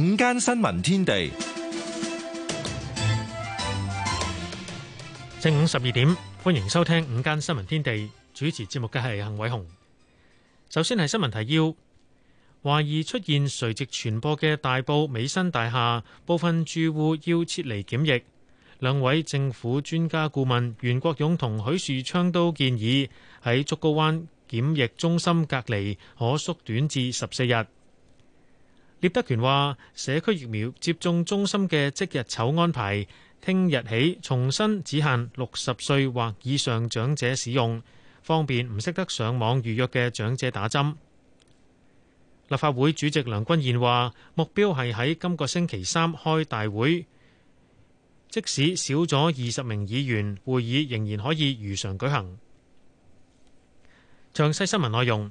午間新聞天地，正午十二點，歡迎收聽午間新聞天地，主持節目嘅係幸偉雄。首先係新聞提要：懷疑出現垂直傳播嘅大埔美新大廈部分住戶要撤離檢疫。兩位政府專家顧問袁國勇同許樹昌都建議喺竹篙灣檢疫中心隔離可縮短至十四日。聶德權話：社區疫苗接種中心嘅即日籌安排，聽日起重新只限六十歲或以上長者使用，方便唔識得上網預約嘅長者打針。立法會主席梁君彥話：目標係喺今個星期三開大會，即使少咗二十名議員，會議仍然可以如常舉行。詳細新聞內容。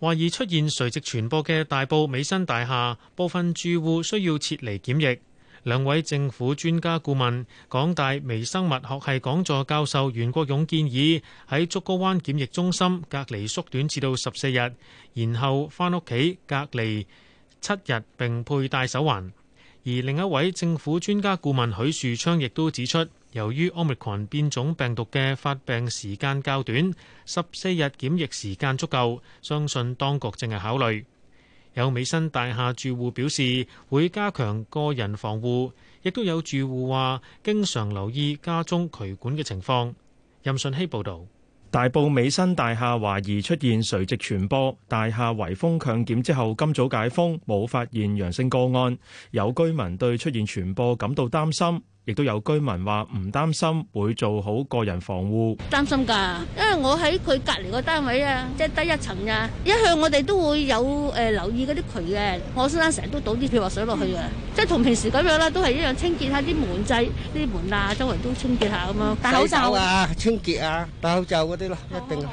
懷疑出現垂直傳播嘅大埔美新大廈，部分住戶需要撤離檢疫。兩位政府專家顧問，港大微生物學系講座教授袁國勇建議喺竹篙灣檢疫中心隔離縮短至到十四日，然後返屋企隔離七日，並佩戴手環。而另一位政府專家顧問許樹昌亦都指出，由於 Omicron 變種病毒嘅發病時間較短，十四日檢疫時間足夠，相信當局淨係考慮。有美新大廈住戶表示會加強個人防護，亦都有住戶話經常留意家中渠管嘅情況。任信希報導，大埔美新大廈懷疑出現垂直傳播，大廈圍封強檢之後，今早解封冇發現陽性個案，有居民對出現傳播感到擔心。亦都有居民話唔擔心，會做好個人防護。擔心噶，因為我喺佢隔籬個單位啊，即係低一層啊，一向我哋都會有誒、呃、留意嗰啲渠嘅，我先生成日都倒啲漂白水落去啊，即係同平時咁樣啦，都係一樣清潔下啲門掣、啲門罅，周圍都清潔下咁樣，戴口罩啊，清潔啊，戴口罩嗰啲咯，好一定啊。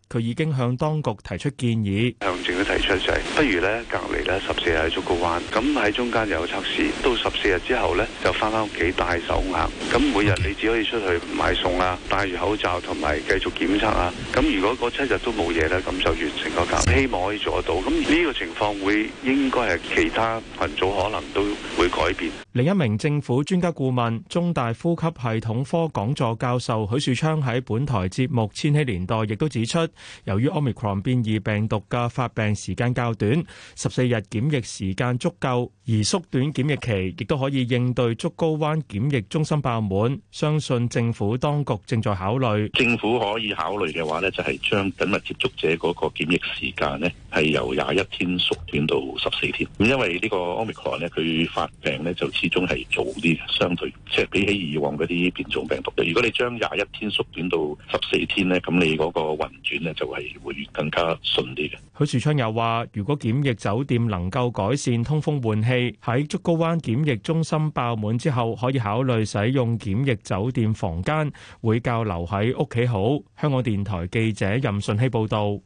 佢已經向當局提出建議，向政府提出就係不如咧隔離咧十四日喺竹篙灣，咁喺中間有測試，到十四日之後咧就翻返屋企戴手環，咁每日你只可以出去買餸啊，戴住口罩同埋繼續檢測啊。咁如果嗰七日都冇嘢咧，咁就完成個隔。希望可以做得到。咁呢個情況會應該係其他群組可能都會改變。另一名政府專家顧問、中大呼吸系統科講座教授許樹昌喺本台節目《千禧年代》亦都指出。由於 Omicron 變異病毒嘅發病時間較短，十四日檢疫時間足夠，而縮短檢疫期亦都可以應對竹篙灣檢疫中心爆滿，相信政府當局正在考慮。政府可以考慮嘅話呢，就係將緊密接觸者嗰個檢疫時間呢係由廿一天縮短到十四天。咁因為呢個 Omicron 咧，佢發病呢就始終係早啲，相對即係比起以往嗰啲變種病毒。如果你將廿一天縮短到十四天呢，咁你嗰個運轉就係會更加順利嘅。許樹昌又話，如果檢疫酒店能夠改善通風換氣，喺竹篙灣檢疫中心爆滿之後，可以考慮使用檢疫酒店房間，會較留喺屋企好。香港電台記者任順希報道。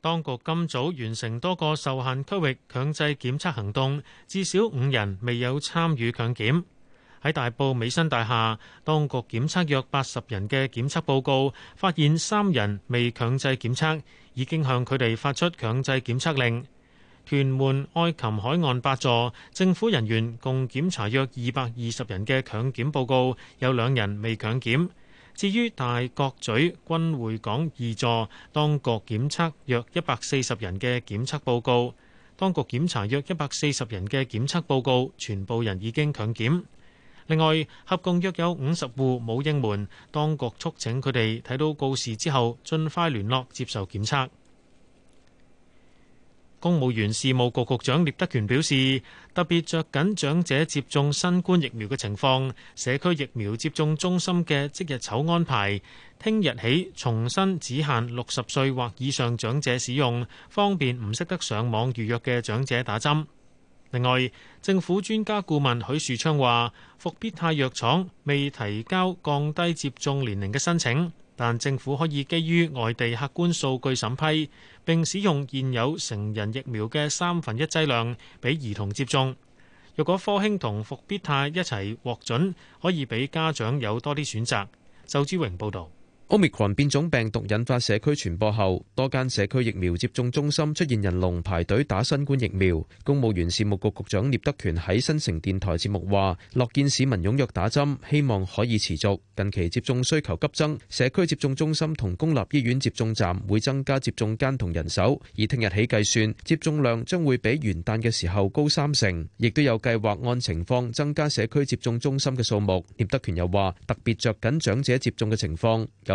當局今早完成多個受限區域強制檢測行動，至少五人未有參與強檢。喺大埔美新大廈，當局檢測約八十人嘅檢測報告，發現三人未強制檢測，已經向佢哋發出強制檢測令。屯門愛琴海岸八座，政府人員共檢查約二百二十人嘅強檢報告，有兩人未強檢。至於大角咀君匯港二座，當局檢測約一百四十人嘅檢測報告，當局檢查約一百四十人嘅檢測報告，全部人已經強檢。另外，合共約有五十戶冇應門，當局促請佢哋睇到告示之後，盡快聯絡接受檢測。公務員事務局局長聶德權表示，特別着緊長者接種新冠疫苗嘅情況，社區疫苗接種中心嘅即日籌安排，聽日起重新只限六十歲或以上長者使用，方便唔識得上網預約嘅長者打針。另外，政府專家顧問許樹昌話：復必泰藥廠未提交降低接種年齡嘅申請，但政府可以基於外地客觀數據審批，並使用現有成人疫苗嘅三分一劑量俾兒童接種。若果科興同復必泰一齊獲准，可以俾家長有多啲選擇。周志榮報導。Omicron 變種病毒引發社區傳播後，多間社區疫苗接種中心出現人龍排隊打新冠疫苗。公務員事務局局長聶德權喺新城電台節目話：樂見市民踴躍打針，希望可以持續。近期接種需求急增，社區接種中心同公立醫院接種站會增加接種間同人手。而聽日起計算，接種量將會比元旦嘅時候高三成，亦都有計劃按情況增加社區接種中心嘅數目。聶德權又話：特別著緊長者接種嘅情況。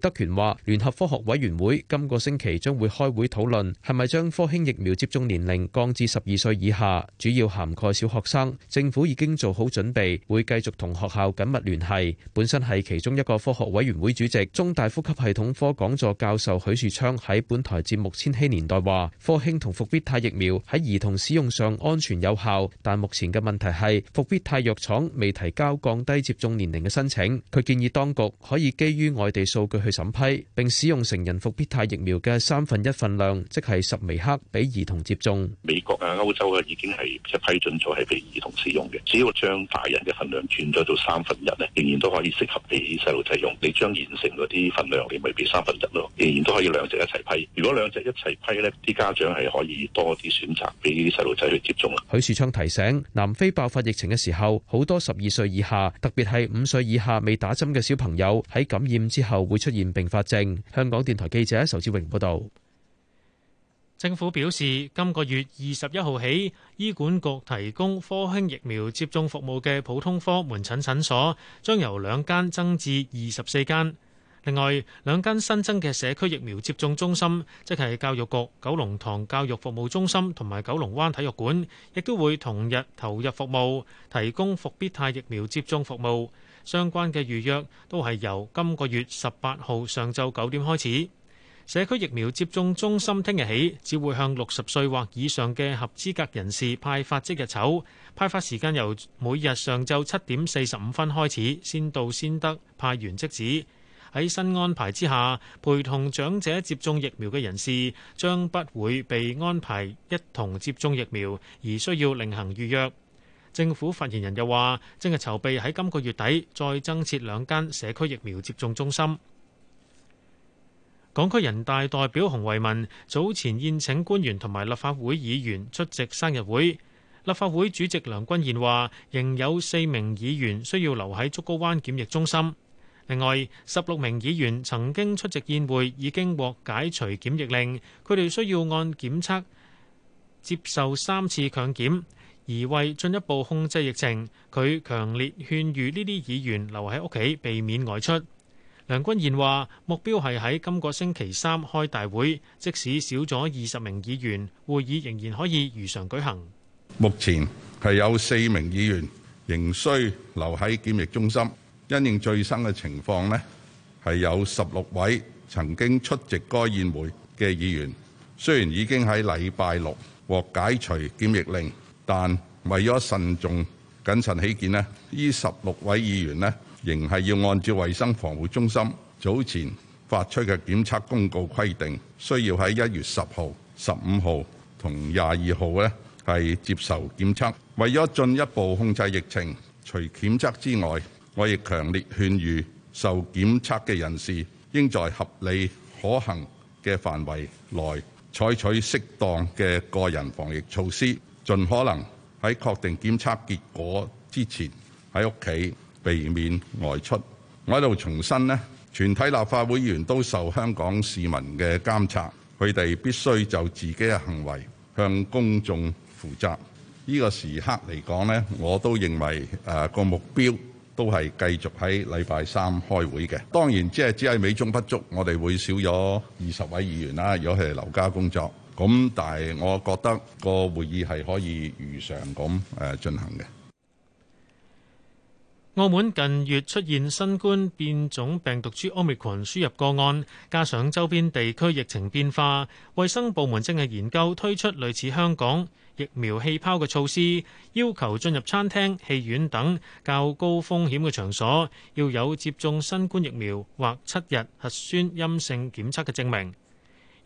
德權話：聯合科學委員會今個星期將會開會討論係咪將科興疫苗接種年齡降至十二歲以下，主要涵蓋小學生。政府已經做好準備，會繼續同學校緊密聯繫。本身係其中一個科學委員會主席、中大呼吸系統科講座教授許樹昌喺本台節目《千禧年代》話：科興同復必泰疫苗喺兒童使用上安全有效，但目前嘅問題係復必泰藥廠未提交降低接種年齡嘅申請。佢建議當局可以基於外地數據去。審批，並使用成人復必泰疫苗嘅三分一份量，即係十微克，俾兒童接種。美國啊、歐洲啊，已經係即批准咗係俾兒童使用嘅。只要將大人嘅份量轉咗做三分一咧，仍然都可以適合俾細路仔用。你將完成嗰啲份量，你咪俾三分一咯，仍然都可以兩隻一齊批。如果兩隻一齊批咧，啲家長係可以多啲選擇俾細路仔去接種。許樹昌提醒：南非爆發疫情嘅時候，好多十二歲以下，特別係五歲以下未打針嘅小朋友，喺感染之後會出現現併發症。香港電台記者仇志榮報道，政府表示今個月二十一號起，醫管局提供科興疫苗接種服務嘅普通科門診診所將由兩間增至二十四間。另外，兩間新增嘅社區疫苗接種中心，即係教育局九龍塘教育服務中心同埋九龍灣體育館，亦都會同日投入服務，提供復必泰疫苗接種服務。相關嘅預約都係由今個月十八號上晝九點開始。社區疫苗接種中心聽日起，只會向六十歲或以上嘅合資格人士派發即日籌。派發時間由每日上晝七點四十五分開始，先到先得，派完即止。喺新安排之下，陪同長者接種疫苗嘅人士將不會被安排一同接種疫苗，而需要另行預約。政府發言人又話，正係籌備喺今個月底再增設兩間社區疫苗接種中心。港區人大代表洪為民早前宴請官員同埋立法會議員出席生日會，立法會主席梁君彥話，仍有四名議員需要留喺竹篙灣檢疫中心。另外，十六名議員曾經出席宴會，已經獲解除檢疫令，佢哋需要按檢測接受三次強檢。而為進一步控制疫情，佢強烈勸喻呢啲議員留喺屋企，避免外出。梁君彥話目標係喺今個星期三開大會，即使少咗二十名議員會議仍然可以如常舉行。目前係有四名議員仍需留喺檢疫中心，因應最新嘅情況咧，係有十六位曾經出席該宴會嘅議員雖然已經喺禮拜六獲解除檢疫令。但為咗慎重謹慎起見，呢十六位議員呢仍係要按照衞生防護中心早前發出嘅檢測公告規定，需要喺一月十號、十五號同廿二號呢係接受檢測。為咗進一步控制疫情，除檢測之外，我亦強烈勸喻受檢測嘅人士，應在合理可行嘅範圍內採取適當嘅個人防疫措施。盡可能喺確定檢測結果之前喺屋企避免外出。我喺度重申呢，全體立法會議員都受香港市民嘅監察，佢哋必須就自己嘅行為向公眾負責。呢個時刻嚟講呢，我都認為誒個目標都係繼續喺禮拜三開會嘅。當然，即係只係美中不足，我哋會少咗二十位議員啦，如果係留家工作。咁但係，我覺得個會議係可以如常咁誒進行嘅。澳門近月出現新冠變種病毒株 Omicron 輸入個案，加上周邊地區疫情變化，衛生部門正係研究推出類似香港疫苗氣泡嘅措施，要求進入餐廳、戲院等較高風險嘅場所，要有接種新冠疫苗或七日核酸陰性檢測嘅證明。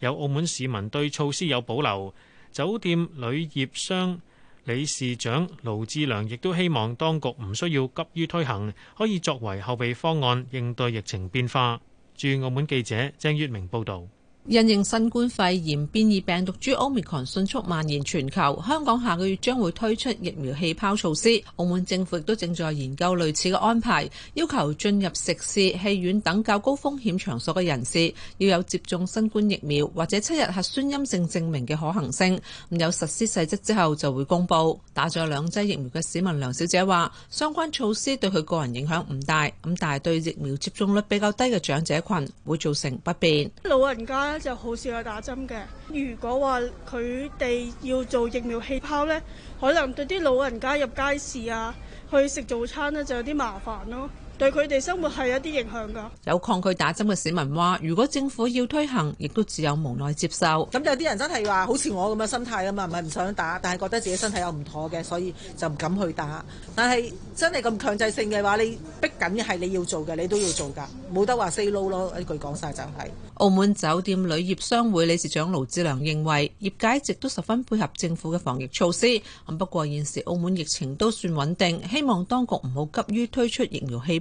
有澳門市民對措施有保留，酒店旅業商理事長盧志良亦都希望當局唔需要急於推行，可以作為後備方案應對疫情變化。駐澳門記者鄭月明報導。因應新冠肺炎變異病毒株 Omicron 迅速蔓延全球，香港下個月將會推出疫苗氣泡措施。澳門政府亦都正在研究類似嘅安排，要求進入食肆、戲院等較高風險場所嘅人士要有接種新冠疫苗或者七日核酸陰性證明嘅可行性，有實施細則之後就會公布。打咗兩劑疫苗嘅市民梁小姐話，相關措施對佢個人影響唔大，咁但係對疫苗接種率比較低嘅長者群會造成不便，老人家，就好少有打針嘅。如果話佢哋要做疫苗氣泡呢，可能對啲老人家入街市啊，去食早餐呢就有啲麻煩咯。對佢哋生活係有啲影響㗎。有抗拒打針嘅市民話，如果政府要推行，亦都只有無奈接受。咁有啲人真係話，好似我咁嘅心態啊嘛，唔係唔想打，但係覺得自己身體有唔妥嘅，所以就唔敢去打。但係真係咁強制性嘅話，你逼緊嘅係你要做嘅，你都要做㗎，冇得話 say no 咯。一句講晒就係、是。澳門酒店旅業商會理事長盧志良認為，業界一直都十分配合政府嘅防疫措施。咁不過現時澳門疫情都算穩定，希望當局唔好急於推出疫苗器。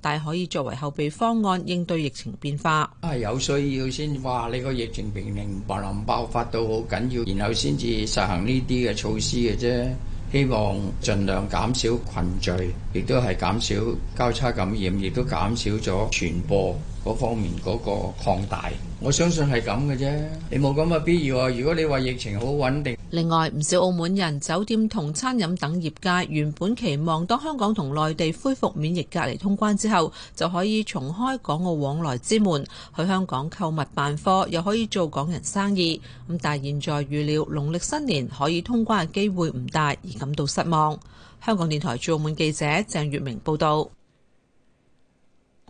但係可以作為後備方案應對疫情變化。啊，有需要先話你個疫情平定或能爆發到好緊要，然後先至實行呢啲嘅措施嘅啫。希望盡量減少群聚，亦都係減少交叉感染，亦都減少咗傳播。嗰方面嗰個擴大，我相信係咁嘅啫。你冇咁嘅必要啊！如果你話疫情好穩定。另外唔少澳門人、酒店同餐飲等業界原本期望當香港同內地恢復免疫隔離通關之後，就可以重開港澳往來之門，去香港購物辦貨，又可以做港人生意。咁但係現在預料農曆新年可以通關嘅機會唔大，而感到失望。香港電台駐澳門記者鄭月明報導。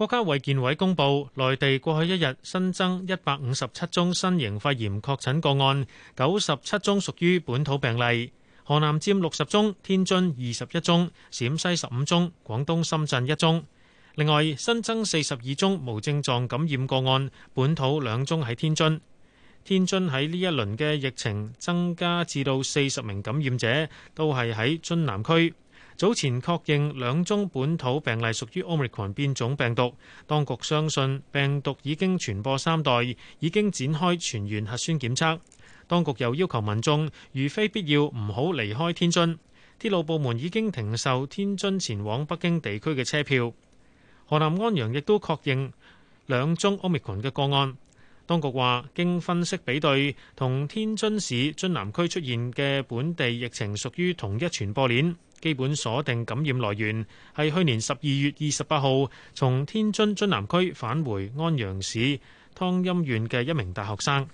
國家衛健委公布，內地過去一日新增一百五十七宗新型肺炎確診個案，九十七宗屬於本土病例，河南佔六十宗，天津二十一宗，陝西十五宗，廣東深圳一宗。另外新增四十二宗無症狀感染個案，本土兩宗喺天津。天津喺呢一輪嘅疫情增加至到四十名感染者，都係喺津南區。早前確認兩宗本土病例屬於 Omicron 變種病毒，當局相信病毒已經傳播三代，已經展開全員核酸檢測。當局又要求民眾如非必要唔好離開天津。鐵路部門已經停售天津前往北京地區嘅車票。河南安陽亦都確認兩宗 Omicron 嘅個案，當局話經分析比對，同天津市津南區出現嘅本地疫情屬於同一傳播鏈。基本鎖定感染來源係去年十二月二十八號從天津津南區返回安陽市湯陰縣嘅一名大學生。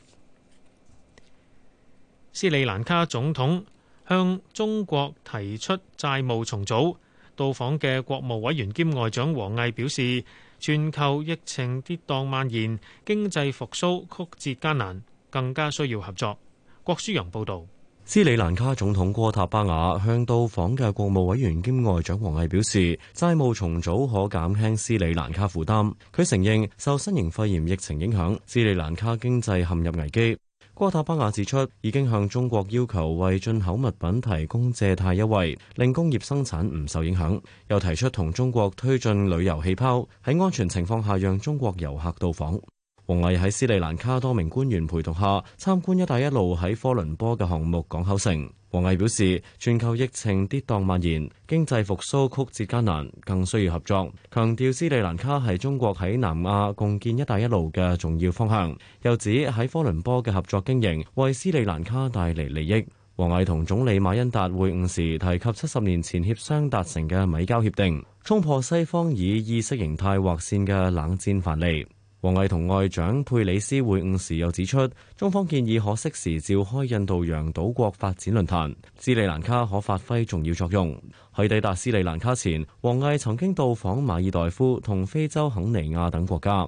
斯里蘭卡總統向中國提出債務重組。到訪嘅國務委員兼外長王毅表示，全球疫情跌宕蔓延，經濟復甦曲折艱難，更加需要合作。郭舒陽報導。斯里蘭卡總統戈塔巴雅向到訪嘅國務委員兼外長王毅表示，債務重組可減輕斯里蘭卡負擔，佢承認受新型肺炎疫情影響斯里蘭卡經濟陷入危機，戈塔巴雅指出，已經向中國要求為進口物品提供借貸優惠，令工業生產唔受影響，又提出同中國推進旅遊氣泡，喺安全情況下讓中國遊客到訪。王毅喺斯里蘭卡多名官員陪同下參觀一帶一路喺科倫坡嘅項目港口城。王毅表示，全球疫情跌宕蔓延，經濟復蘇曲折艱難，更需要合作，強調斯里蘭卡係中國喺南亞共建一帶一路嘅重要方向。又指喺科倫坡嘅合作經營為斯里蘭卡帶嚟利益。王毅同總理馬恩達會晤時提及，七十年前協商達成嘅米膠協定，衝破西方以意識形態劃線嘅冷戰藩籬。王毅同外長佩里斯會晤時又指出，中方建議可適時召開印度洋島國發展論壇，斯里蘭卡可發揮重要作用。喺抵達斯里蘭卡前，王毅曾經到訪馬爾代夫同非洲肯尼亞等國家。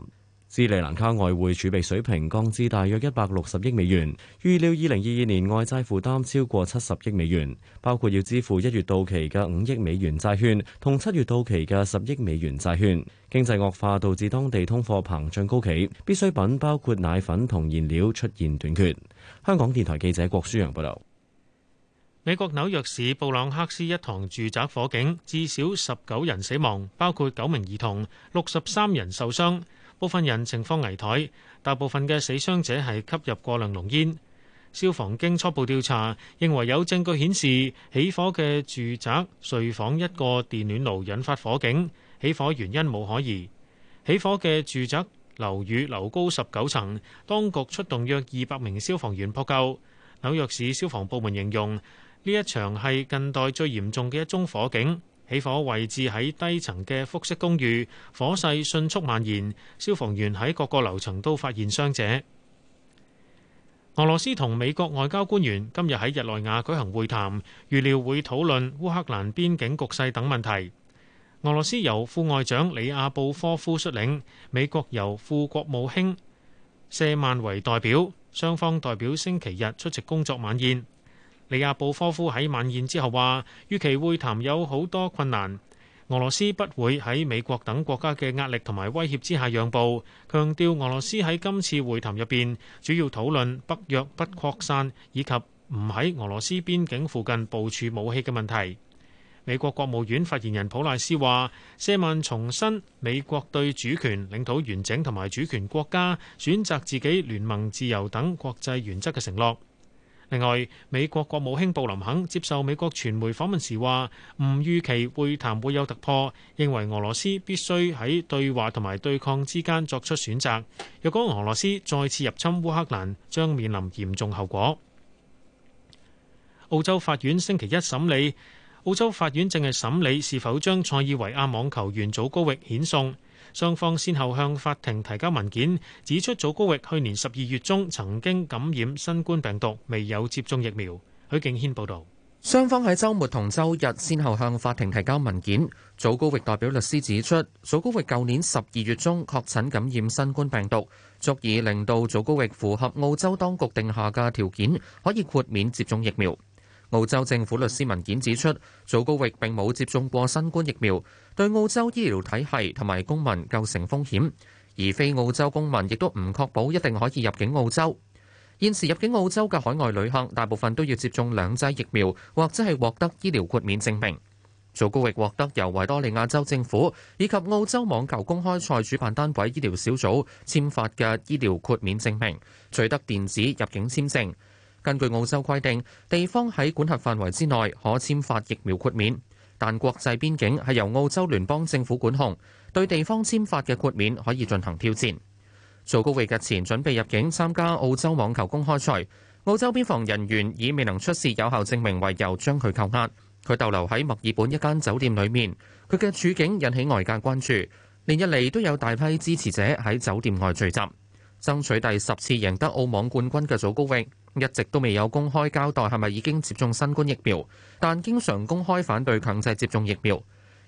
斯里蘭卡外匯儲備水平降至大約一百六十億美元，預料二零二二年外債負擔超過七十億美元，包括要支付一月到期嘅五億美元債券同七月到期嘅十億美元債券。經濟惡化導致當地通貨膨脹高企，必需品包括奶粉同燃料出現短缺。香港電台記者郭舒洋報導。美國紐約市布朗克斯一幢住宅火警，至少十九人死亡，包括九名兒童，六十三人受傷。部分人情況危殆，大部分嘅死傷者係吸入過量濃煙。消防經初步調查，認為有證據顯示起火嘅住宅睡房一個電暖爐引發火警，起火原因冇可疑。起火嘅住宅樓宇樓高十九層，當局出動約二百名消防員撲救。紐約市消防部門形容呢一場係近代最嚴重嘅一宗火警。起火位置喺低層嘅複式公寓，火勢迅速蔓延，消防員喺各個樓層都發現傷者。俄羅斯同美國外交官員今日喺日內瓦舉行會談，預料會討論烏克蘭邊境局勢等問題。俄羅斯由副外長里亞布科夫率領，美國由副國務卿謝曼為代表，雙方代表星期日出席工作晚宴。利亞布科夫喺晚宴之後話，預期會談有好多困難，俄羅斯不會喺美國等國家嘅壓力同埋威脅之下讓步。強調俄羅斯喺今次會談入邊，主要討論北約不擴散以及唔喺俄羅斯邊境附近部署武器嘅問題。美國國務院發言人普賴斯話，謝曼重申美國對主權、領土完整同埋主權國家選擇自己聯盟、自由等國際原則嘅承諾。另外，美國國務卿布林肯接受美國傳媒訪問時話：唔預期會談會有突破，認為俄羅斯必須喺對話同埋對抗之間作出選擇。若果俄羅斯再次入侵烏克蘭，將面臨嚴重後果。澳洲法院星期一審理。澳洲法院正係審理是否將塞爾維亞網球員祖高域遣送。雙方先後向法庭提交文件，指出祖高域去年十二月中曾經感染新冠病毒，未有接種疫苗。許敬軒報導。雙方喺週末同週日先後向法庭提交文件。祖高域代表律師指出，祖高域舊年十二月中確診感染新冠病毒，足以令到祖高域符合澳洲當局定下嘅條件，可以豁免接種疫苗。澳洲政府律師文件指出，祖高域並冇接種過新冠疫苗，對澳洲醫療體系同埋公民構成風險。而非澳洲公民亦都唔確保一定可以入境澳洲。現時入境澳洲嘅海外旅客大部分都要接種兩劑疫苗，或者係獲得醫療豁免證明。祖高域獲得由維多利亞州政府以及澳洲網球公開賽主辦單位醫療小組簽發嘅醫療豁免證明，取得電子入境簽證。根據澳洲規定，地方喺管轄範圍之內可簽發疫苗豁免，但國際邊境係由澳洲聯邦政府管控，對地方簽發嘅豁免可以進行挑戰。祖高域日前準備入境參加澳洲網球公開賽，澳洲邊防人員以未能出示有效證明為由將佢扣押。佢逗留喺墨爾本一間酒店裏面，佢嘅處境引起外界關注。連日嚟都有大批支持者喺酒店外聚集，爭取第十次贏得澳網冠軍嘅祖高域。一直都未有公開交代係咪已經接種新冠疫苗，但經常公開反對強制接種疫苗。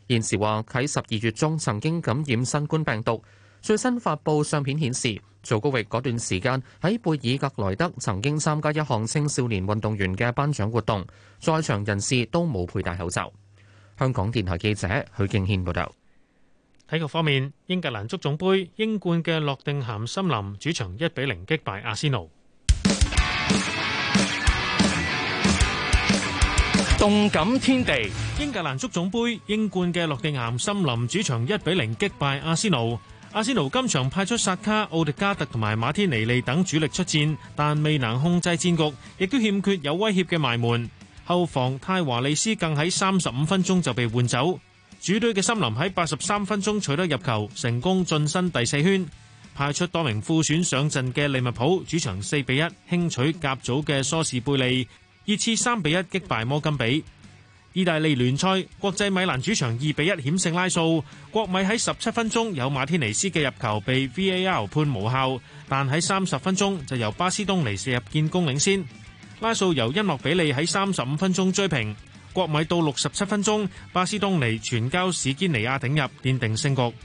現時話喺十二月中曾經感染新冠病毒。最新發佈相片顯示，祖高域嗰段時間喺貝爾格萊德曾經參加一項青少年運動員嘅頒獎活動，在場人士都冇佩戴口罩。香港電台記者許敬軒報道。體育方面，英格蘭足總盃英冠嘅諾定咸森林主場一比零擊敗阿仙奴。動感天地，英格蘭足總盃，英冠嘅諾定咸森林主場一比零擊敗阿仙奴。阿仙奴今場派出薩卡、奧迪加特同埋馬天尼利等主力出戰，但未能控制戰局，亦都欠缺有威脅嘅埋門。後防泰華利斯更喺三十五分鐘就被換走。主隊嘅森林喺八十三分鐘取得入球，成功晉身第四圈。派出多名副選上陣嘅利物浦主場四比一輕取甲組嘅梳士貝利。熱刺三比一擊敗摩根比。意大利聯賽，國際米蘭主場二比一險勝拉素。國米喺十七分鐘有馬天尼斯嘅入球被 VAR 判無效，但喺三十分鐘就由巴斯東尼射入建功領先。拉素由因諾比利喺三十五分鐘追平。國米到六十七分鐘，巴斯東尼傳交史堅尼亞頂入，奠定勝局。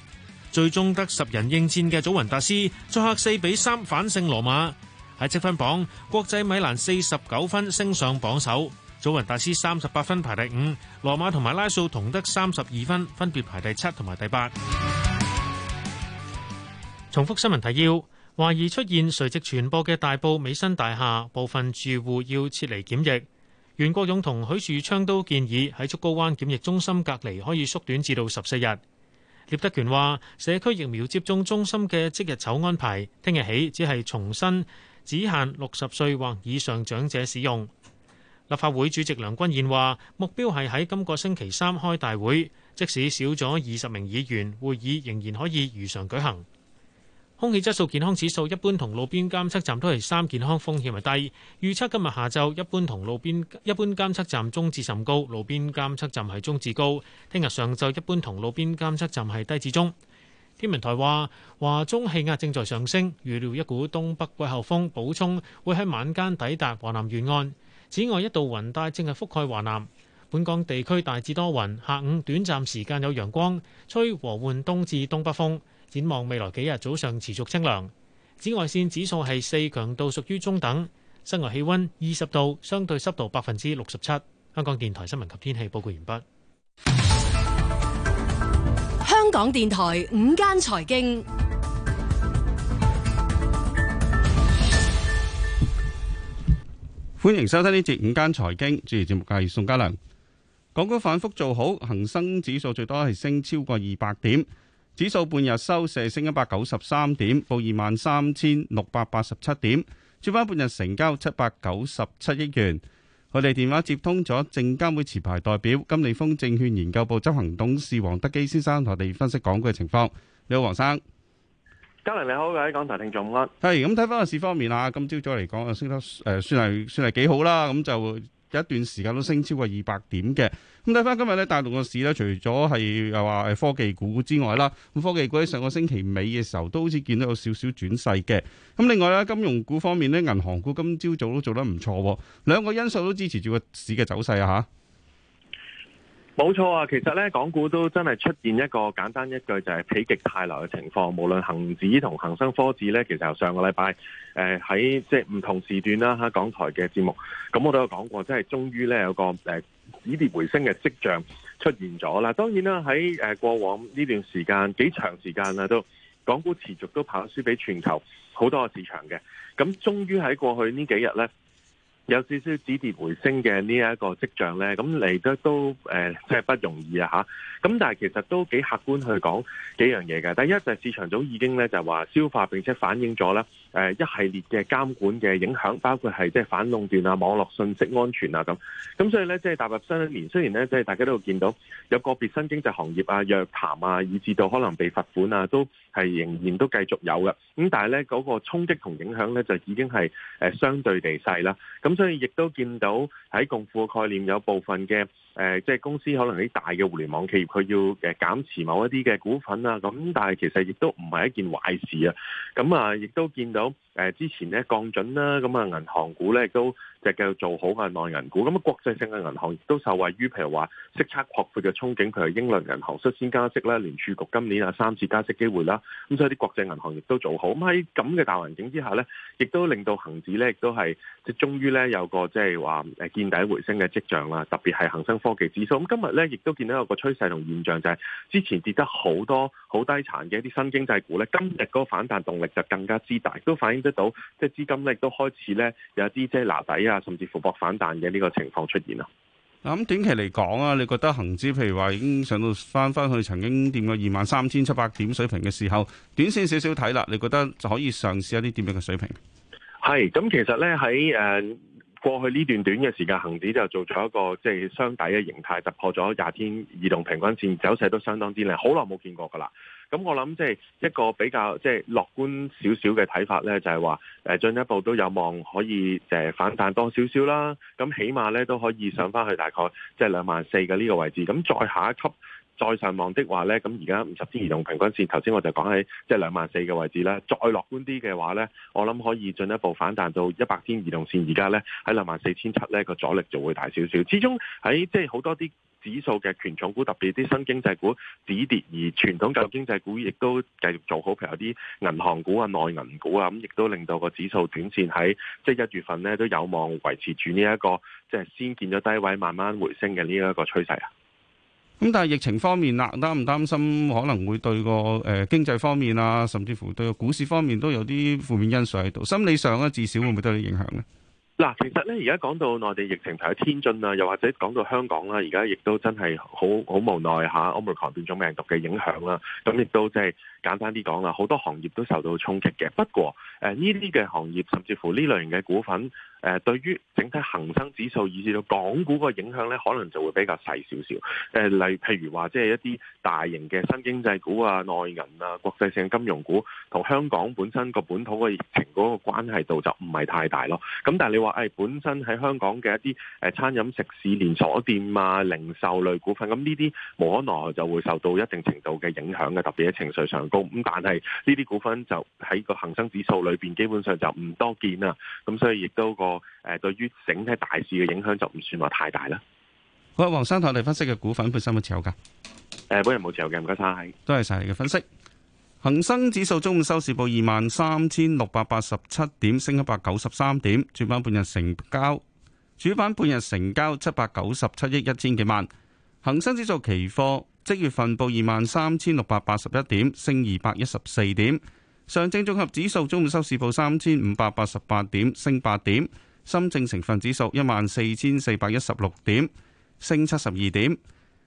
最終得十人應戰嘅祖雲達斯作客四比三反勝羅馬。喺積分榜，國際米蘭四十九分升上榜首，祖雲達斯三十八分排第五，羅馬同埋拉素同得三十二分，分別排第七同埋第八。重複新聞提要：懷疑出現垂直傳播嘅大埔美新大廈，部分住戶要撤離檢疫。袁國勇同許樹昌都建議喺竹篙灣檢疫中心隔離可以縮短至到十四日。聶德權話：社區疫苗接種中心嘅即日籌安排，聽日起只係重新。只限六十歲或以上長者使用。立法會主席梁君彥話：目標係喺今個星期三開大會，即使少咗二十名議員，會議仍然可以如常舉行。空氣質素健康指數一般同路邊監測站都係三，健康風險係低。預測今日下晝一般同路邊一般監測站中至甚高，路邊監測站係中至高。聽日上晝一般同路邊監測站係低至中。天文台話，華中氣壓正在上升，預料一股東北季候風補充會喺晚間抵達華南沿岸。此外，一道雲帶正係覆蓋華南。本港地區大致多雲，下午短暫時間有陽光，吹和緩東至東北風。展望未來幾日，早上持續清涼。紫外線指數係四，強度，屬於中等。室外氣温二十度，相對濕度百分之六十七。香港電台新聞及天氣報告完畢。港電台五間財經，歡迎收聽呢節五間財經，主持節目係宋家良。港股反覆做好，恒生指數最多係升超過二百點，指數半日收市升一百九十三點，報二萬三千六百八十七點。主板半日成交七百九十七億元。我哋電話接通咗證監會持牌代表金利豐證券研究部執行董事黃德基先生，同我哋分析講嘅情況。你好，黃生，嘉玲你好，喺講台聽做乜？係咁睇翻個市方面啊，今朝早嚟講啊，升得誒，算係算係幾好啦。咁就。有一段時間都升超過二百點嘅，咁睇翻今日咧，大陸個市咧，除咗係又話係科技股之外啦，咁科技股喺上個星期尾嘅時候都好似見到有少少轉勢嘅，咁另外咧，金融股方面咧，銀行股今朝早，早都做得唔錯，兩個因素都支持住個市嘅走勢啊吓。冇錯啊，其實咧港股都真係出現一個簡單一句就係否極泰來嘅情況，無論恒指同恒生科指咧，其實由上個禮拜誒喺即係唔同時段啦吓、啊，港台嘅節目，咁我都有講過，即係終於咧有個誒、呃、止跌回升嘅跡象出現咗啦。當然啦，喺誒過往呢段時間幾長時間啦，都港股持續都跑輸畀全球好多市場嘅，咁終於喺過去幾呢幾日咧。有少少止跌回升嘅呢一個跡象咧，咁嚟得都誒，即、呃、係不容易啊吓。咁但係其實都幾客觀去講幾樣嘢嘅。第一就係、是、市場早已經咧就話消化並且反映咗咧誒一系列嘅監管嘅影響，包括係即係反壟斷啊、網絡信息安全啊咁。咁所以咧即係踏入新一年，雖然咧即係大家都會見到有個別新經濟行業啊、約談啊，以至到可能被罰款啊，都係仍然都繼續有嘅。咁但係咧嗰個衝擊同影響咧就已經係誒相對地細啦。咁、啊所以亦都見到喺共富嘅概念有部分嘅。誒，即係公司可能啲大嘅互聯網企業，佢要誒減持某一啲嘅股份啊，咁但係其實亦都唔係一件壞事啊。咁啊，亦都見到誒之前咧降準啦，咁啊銀行股咧亦都就繼續做好啊，內銀股。咁啊國際性嘅銀行亦都受惠於譬如話息差擴闊嘅憧憬，譬如英倫銀行率先加息啦，聯儲局今年啊三次加息機會啦，咁所以啲國際銀行亦都做好。咁喺咁嘅大環境之下咧，亦都令到恒指咧亦都係即係終於咧有個即係話誒見底回升嘅跡象啦，特別係恒生。科技指數咁今日咧，亦都見到有個趨勢同現象，就是，就係之前跌得好多、好低殘嘅一啲新經濟股咧，今日嗰個反彈動力就更加之大，都反映得到即係資金力都開始咧有啲遮拿底啊，甚至乎搏反彈嘅呢個情況出現啦。咁短期嚟講啊，你覺得恆指譬如話已經上到翻翻去曾經掂過二萬三千七百點水平嘅時候，短線少少睇啦，你覺得就可以嘗試一啲點樣嘅水平？係咁，其實咧喺誒。過去呢段短嘅時間，恒指就做咗一個即係、就是、雙底嘅形態，突破咗廿天移動平均線，走勢都相當之靚，好耐冇見過㗎啦。咁我諗即係一個比較即係、就是、樂觀少少嘅睇法呢，就係話誒進一步都有望可以誒反彈多少少啦。咁起碼呢都可以上返去大概即係兩萬四嘅呢個位置。咁再下一級。再上望的話呢，咁而家五十天移動平均線，頭先我就講喺即係兩萬四嘅位置啦。再樂觀啲嘅話呢，我諗可以進一步反彈到一百天移動線。而家呢，喺兩萬四千七呢個阻力就會大少少。始終喺即係好多啲指數嘅權重股，特別啲新經濟股止跌，而傳統舊經濟股亦都繼續做好，譬如有啲銀行股啊、內銀股啊，咁亦都令到個指數短線喺即係一月份呢，都有望維持住呢一個即係、就是、先見咗低位慢慢回升嘅呢一個趨勢啊。咁但係疫情方面啦，擔唔擔心可能會對個誒、呃、經濟方面啊，甚至乎對個股市方面都有啲負面因素喺度。心理上咧，至少會唔會都有啲影響咧？嗱，其實咧，而家講到內地疫情，喺天津啊，又或者講到香港啦，而家亦都真係好好無奈吓，奧密克戎變種病毒嘅影響啦，咁亦都即係。簡單啲講啦，好多行業都受到衝擊嘅。不過，誒呢啲嘅行業，甚至乎呢類型嘅股份，誒、呃、對於整體恒生指數以至到港股個影響咧，可能就會比較細少少。誒、呃，例譬如話，即係一啲大型嘅新經濟股啊、內銀啊、國際性金融股，同香港本身個本土嘅疫情嗰個關係度就唔係太大咯。咁但係你話，誒、呃、本身喺香港嘅一啲誒餐飲食肆連鎖店啊、零售類股份，咁呢啲無可奈就會受到一定程度嘅影響嘅，特別喺情緒上。咁但係呢啲股份就喺個恒生指數裏邊，基本上就唔多見啦。咁所以亦都個誒對於整體大市嘅影響就唔算話太大啦。好，黃生同我哋分析嘅股份本身有冇持有噶？誒，本人冇持有嘅，唔該晒。多謝晒你嘅分析。恒生指數中午收市報二萬三千六百八十七點，升一百九十三點。主板半日成交，主板半日成交七百九十七億一千幾萬。恒生指數期貨。即月份報二萬三千六百八十一點，升二百一十四點。上證綜合指數中午收市報三千五百八十八點，升八點。深證成分指數一萬四千四百一十六點，升七十二點。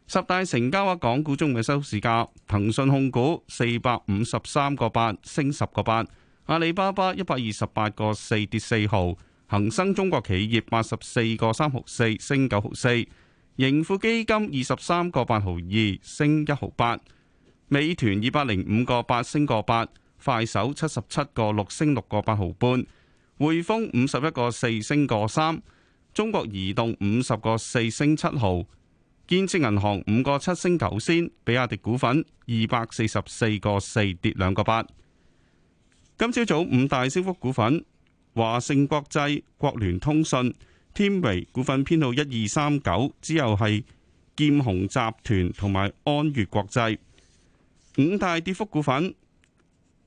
十大成交額港股中午嘅收市價：騰訊控股四百五十三個八，升十個八；阿里巴巴一百二十八個四，跌四毫；恒生中國企業八十四個三毫四，升九毫四。盈富基金二十三個八毫二升一毫八，美團二百零五個八升個八，快手七十七個六升六個八毫半，匯豐五十一個四升個三，中國移動五十個四升七毫，建設銀行五個七升九仙，比亞迪股份二百四十四個四跌兩個八，今朝早五大升幅股份，華盛國際、國聯通訊。天維股份編號一二三九之後係劍虹集團同埋安悅國際。五大跌幅股份：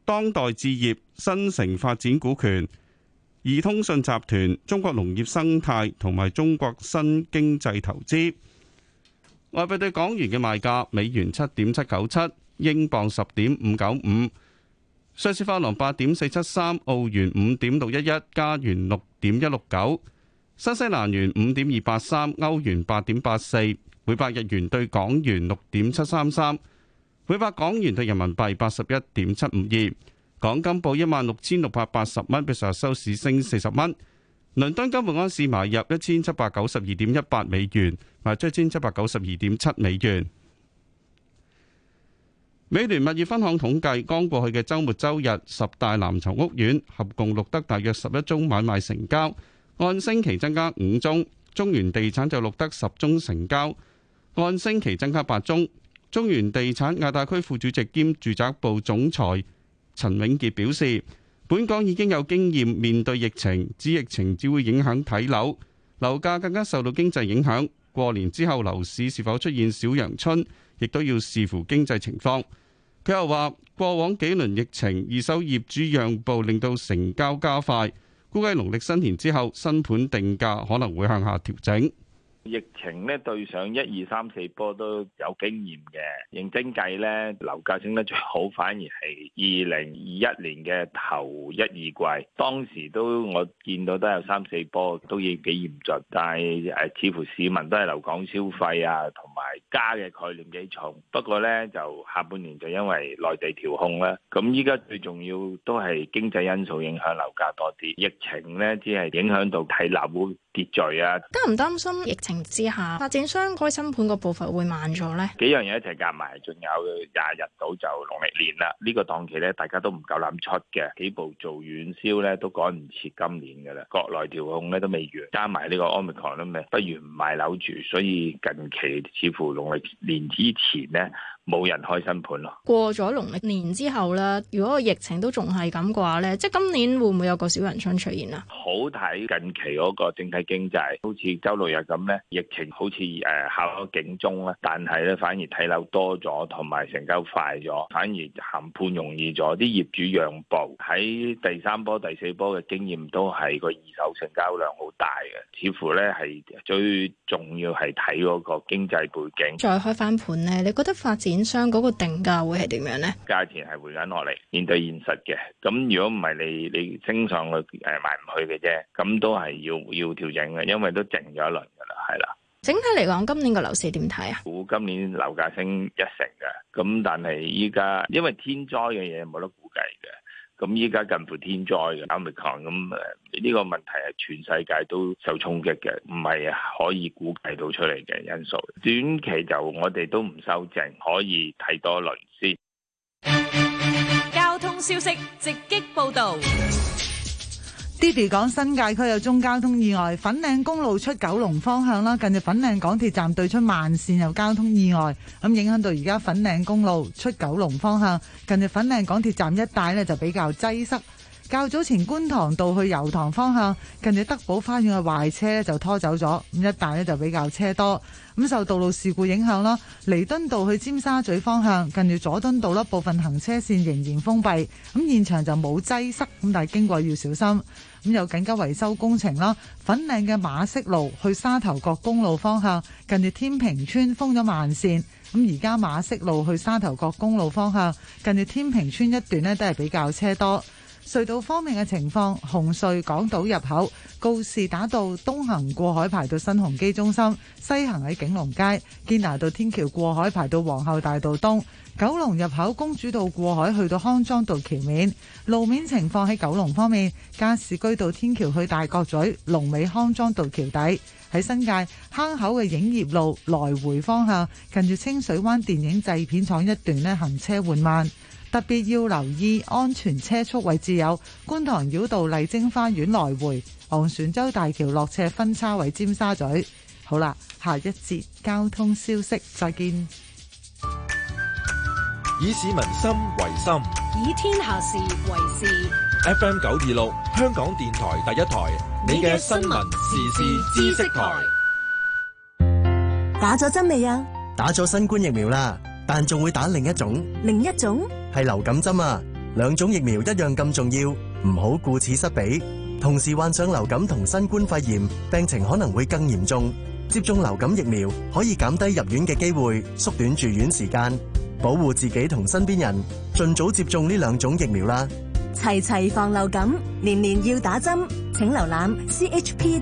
當代置業、新城發展股權、易通訊集團、中國農業生態同埋中國新經濟投資。外幣對港元嘅賣價：美元七點七九七，英鎊十點五九五，瑞士法郎八點四七三，澳元五點六一一，加元六點一六九。新西蘭元五點二八三，歐元八點八四，每百日元對港元六點七三三，每百港元對人民幣八十一點七五二。港金報一萬六千六百八十蚊，比上日收市升四十蚊。倫敦金每安士買入一千七百九十二點一八美元，賣出一千七百九十二點七美元。美聯物業分行統計，剛過去嘅周末周日，十大藍籌屋苑合共錄得大約十一宗買賣成交。按星期增加五宗，中原地產就錄得十宗成交，按星期增加八宗。中原地產亞太區副主席兼住宅部總裁陳永杰表示，本港已經有經驗面對疫情，指疫情只會影響睇樓，樓價更加受到經濟影響。過年之後樓市是否出現小陽春，亦都要視乎經濟情況。佢又話：過往幾輪疫情，二手業主讓步，令到成交加快。估計農曆新年之後，新盤定價可能會向下調整。疫情咧，對上一二三四波都有經驗嘅。認真計咧，樓價升得最好反而係二零二一年嘅頭一二季，當時都我見到都有三四波，都已幾嚴峻。但係誒、呃，似乎市民都係留港消費啊，同埋家嘅概念幾重。不過咧，就下半年就因為內地調控啦，咁依家最重要都係經濟因素影響樓價多啲，疫情咧只係影響到睇樓。秩序啊！擔唔擔心疫情之下，發展商開新盤個步伐會慢咗咧？幾樣嘢一齊夾埋，仲有廿日到就農曆年啦。這個、檔呢個檔期咧，大家都唔夠膽出嘅，幾步做遠銷咧都趕唔切今年噶啦。國內調控咧都未完，加埋呢個 Omicron 都未，不如唔買樓住。所以近期似乎農曆年之前咧，冇人開新盤咯。過咗農曆年之後咧，如果個疫情都仲係咁嘅話咧，即係今年會唔會有個小人春出現啊？好睇近期嗰個整體經濟，好似周六日咁咧，疫情好似誒敲咗警鐘啦。但係咧，反而睇樓多咗，同埋成交快咗，反而談判容易咗。啲業主讓步，喺第三波、第四波嘅經驗都係個二手成交量好大嘅。似乎咧係最重要係睇嗰個經濟背景。再開翻盤咧，你覺得發展商嗰個定價會係點樣咧？價錢係回緊落嚟，面對現實嘅。咁如果唔係，你你升上去誒賣唔去嘅啫。咁都係要要調整嘅，因為都靜咗一輪噶啦，係啦。整體嚟講，今年個樓市點睇啊？估今年樓價升一成嘅，咁但係依家因為天災嘅嘢冇得估計嘅。咁依家近乎天災嘅，Omicron 咁誒，呢個問題係全世界都受衝擊嘅，唔係可以估計到出嚟嘅因素。短期就我哋都唔修正，可以睇多輪先。交通消息直擊報導。Diddy 講新界區有宗交通意外，粉嶺公路出九龍方向啦，近住粉嶺港鐵站對出慢線有交通意外，咁影響到而家粉嶺公路出九龍方向，近住粉嶺港鐵站一帶咧就比較擠塞。較早前觀塘道去油塘方向，近住德寶花園嘅壞車就拖走咗。咁一帶呢就比較車多。咁受道路事故影響啦，彌敦道去尖沙咀方向，近住佐敦道啦，部分行車線仍然封閉。咁現場就冇擠塞，咁但係經過要小心。咁有緊急維修工程啦。粉嶺嘅馬適路去沙頭角公路方向，近住天平村封咗慢線。咁而家馬適路去沙頭角公路方向，近住天平村一段呢，都係比較車多。隧道方面嘅情況，紅隧港島入口告士打道東行過海排到新鴻基中心，西行喺景隆街堅拿道天橋過海排到皇后大道東，九龍入口公主道過海去到康莊道橋面。路面情況，喺九龍方面，加士居道天橋去大角咀龍尾，康莊道橋底，喺新界坑口嘅影業路來回方向，近住清水灣電影製片廠一段呢，行車緩慢。特別要留意安全車速位置有觀塘繞道麗晶花園來回，昂船洲大橋落斜分叉位、尖沙咀。好啦，下一節交通消息，再見。以市民心為心，以天下事為事。F.M. 九二六，香港電台第一台，你嘅新聞時事知識台。打咗針未啊？打咗新冠疫苗啦，但仲會打另一種。另一種？係流感針啊，兩種疫苗一樣咁重要，唔好顧此失彼。同時患上流感同新冠肺炎，病情可能會更嚴重。接種流感疫苗可以減低入院嘅機會，縮短住院時間，保護自己同身邊人。盡早接種呢兩種疫苗啦！齊齊防流感，年年要打針。請瀏覽 chp.gov.hk。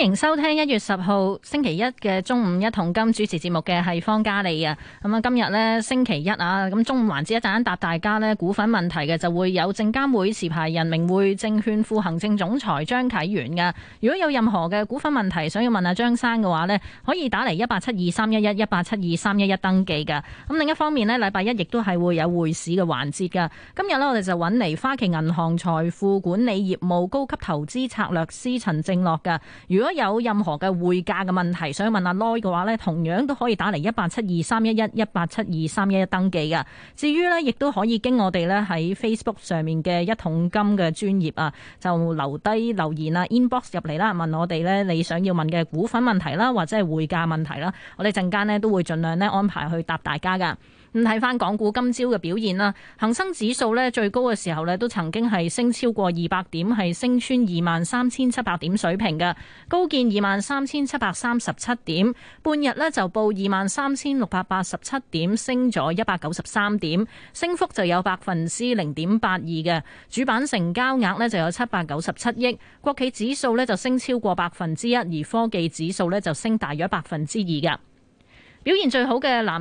歡迎收聽一月十號星期一嘅中午一桶金，主持節目嘅係方嘉莉啊。咁啊,今日咧星期一啊，咁中午環節一陣搭大家咧股份問題嘅，就會有證監會持牌人名匯證券副行政總裁張啟元噶。如果有任何嘅股份問題想要問阿張生嘅話咧，可以打嚟一八七二三一一一八七二三一一登記噶。咁另一方面咧，禮拜一亦都係會有匯市嘅環節噶。今日咧我哋就揾嚟花旗銀行財富管理業務高級投資策略師陳正樂噶。如果如果有任何嘅匯價嘅問題，想問阿 Loy 嘅話呢，同樣都可以打嚟，一八七二三一一一八七二三一一登記㗎。至於呢，亦都可以經我哋呢喺 Facebook 上面嘅一桶金嘅專頁啊，就留低留言啊 inbox 入嚟啦，問我哋呢你想要問嘅股份問題啦，或者係匯價問題啦，我哋陣間呢，都會盡量呢安排去答大家噶咁睇返港股今朝嘅表現啦，恒生指數咧最高嘅時候咧都曾經係升超過二百點，係升穿二萬三千七百點水平嘅，高見二萬三千七百三十七點，半日咧就報二萬三千六百八十七點，升咗一百九十三點，升幅就有百分之零點八二嘅，主板成交額咧就有七百九十七億，國企指數咧就升超過百分之一，而科技指數咧就升大約百分之二嘅，表現最好嘅